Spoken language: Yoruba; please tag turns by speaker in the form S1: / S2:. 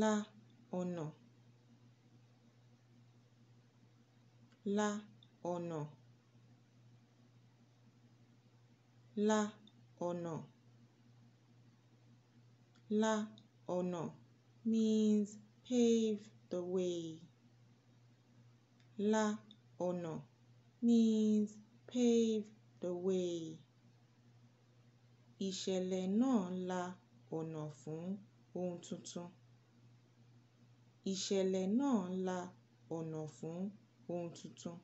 S1: La ọ̀nà. La ọ̀nà. La ọ̀nà. La ọ̀nà means pave the way. La ọ̀nà means pave the way. Ìṣẹ̀lẹ̀ náà la ọ̀nà fún ohun tuntun ìṣẹ̀lẹ̀ náà la ọ̀nà fún ohun
S2: tuntun